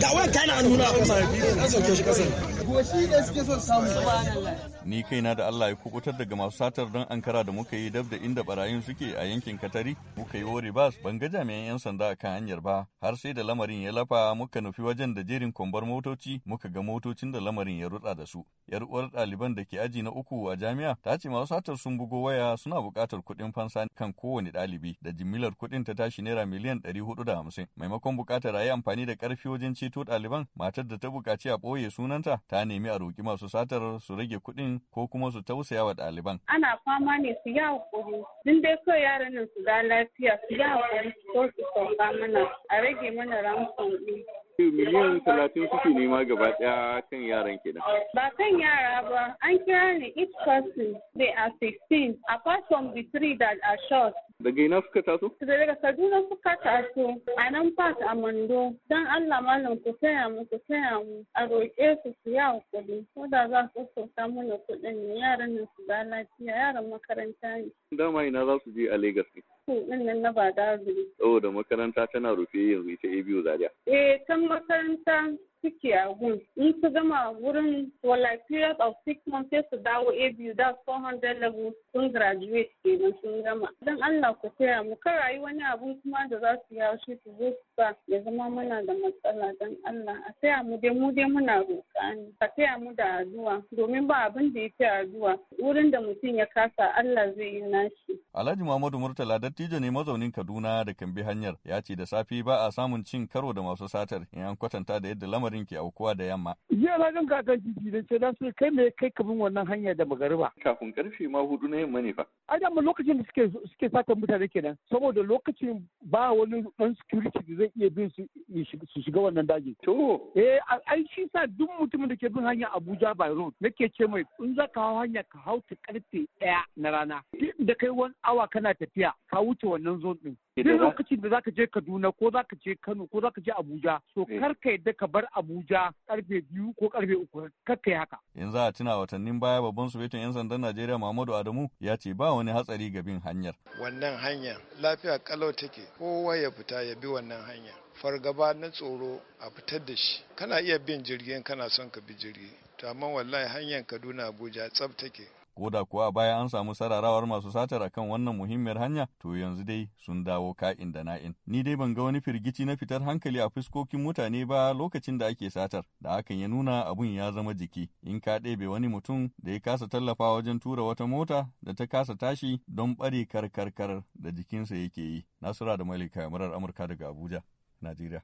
ga wani kayan a nuna a ni kaina da Allah ya kubutar daga masu satar don ankara da muka yi dab da inda barayin suke a yankin katari muka yi wari bas ban ga jami'an 'yan sanda a kan hanyar ba har sai da lamarin ya lafa muka nufi wajen da jerin kwambar motoci muka ga motocin da lamarin ya rutsa da su yar uwar ɗaliban da ke aji na uku a jami'a ta ce masu satar sun bugo waya suna bukatar kuɗin fansa kan kowane ɗalibi da jimillar kuɗin ta tashi naira miliyan ɗari hudu da hamsin maimakon bukatar a yi amfani da ƙarfi wajen ce ceto ɗaliban matar da ta buƙaci a ɓoye sunanta ta nemi a roƙi masu satar su rage kuɗin ko kuma su tausaya wa ɗaliban. Ana fama ne su yi haƙuri, tun dai so yaran nan su da lafiya su yi haƙuri ko su sauka mana a rage mana ramsun ɗin. miliyan talatin suke nema gaba daya kan yaran kenan. Ba kan yara ba, an kira ni each person they are 16 apart from the three that are short. Daga ina suka taso? Daga Kaduna suka taso a nan Park a Mando. Don Allah malam ku taya mu ku taya mu a roƙe su su ya kuɗi. Ko da za su sauka mana kuɗin yaran nan su ba lafiya yaran makaranta ne. Dama ina za su je a Legas ne. school din nan na Badagry. Oh, da makaranta tana rufe yanzu ita ABU Zaria. Eh, can makaranta suke a gun in su gama wurin wala period of six months sai su dawo a biyu da 400 level sun graduate kenan sun gama don allah ku taya mu kan rayu wani abun kuma da za su yawo shi su zo ya zama muna da matsala don allah a taya mu dai mu dai muna roƙa ne a taya mu da addu'a domin ba abin da ya fi addu'a wurin da mutum ya kasa allah zai yi nashi. alhaji muhammadu murtala dattijo ne mazaunin kaduna da kan bi hanyar ya ce da safe ba a samun cin karo da masu satar in an kwatanta da yadda lamarin lamarin ke aukuwa da yamma. Jiya na gan kakan titi da ce na sai kai me kai kamin wannan hanya da magariba. Kafin karfe ma hudu na yamma ne fa. Ai da lokacin da suke suke sata mutane kenan saboda lokacin ba wani dan security da zai iya bin su shiga wannan daji. To. Eh ai shi sa duk mutumin da ke bin hanya Abuja by road nake ce mai in za ka hau hanya ka hau ta karfe ɗaya na rana. Da kai wani awa kana tafiya ka wuce wannan zone din. Duk lokacin da za ka je Kaduna ko za ka je Kano ko za ka je Abuja so eh. kar ka yadda ka bar Abuja karfe biyu ko karfe uku kakkai haka. In za a tuna watannin baya babban sufetin 'yan sandan Najeriya Muhammadu Adamu ya ce ba wani hatsari ga bin hanyar. Wannan hanya lafiya kalau take kowa ya fita ya bi wannan hanya. Fargaba na tsoro a fitar da shi. Kana iya bin jirgin kana son ka bi jirgi. To amma wallahi hanyar Kaduna Abuja tsab take. ko da kuwa baya an samu sararawar masu satar akan wannan muhimmiyar hanya to yanzu dai sun dawo ka'in da na'in ni dai ban ga wani firgici na fitar hankali a fuskokin mutane ba lokacin da ake satar da hakan ya nuna abun ya zama jiki in ka ɗebe wani mutum da ya kasa tallafa wajen tura wata mota da ta kasa tashi don ɓare karkarkar da jikinsa yake yi nasura da malika murar amurka daga abuja najeriya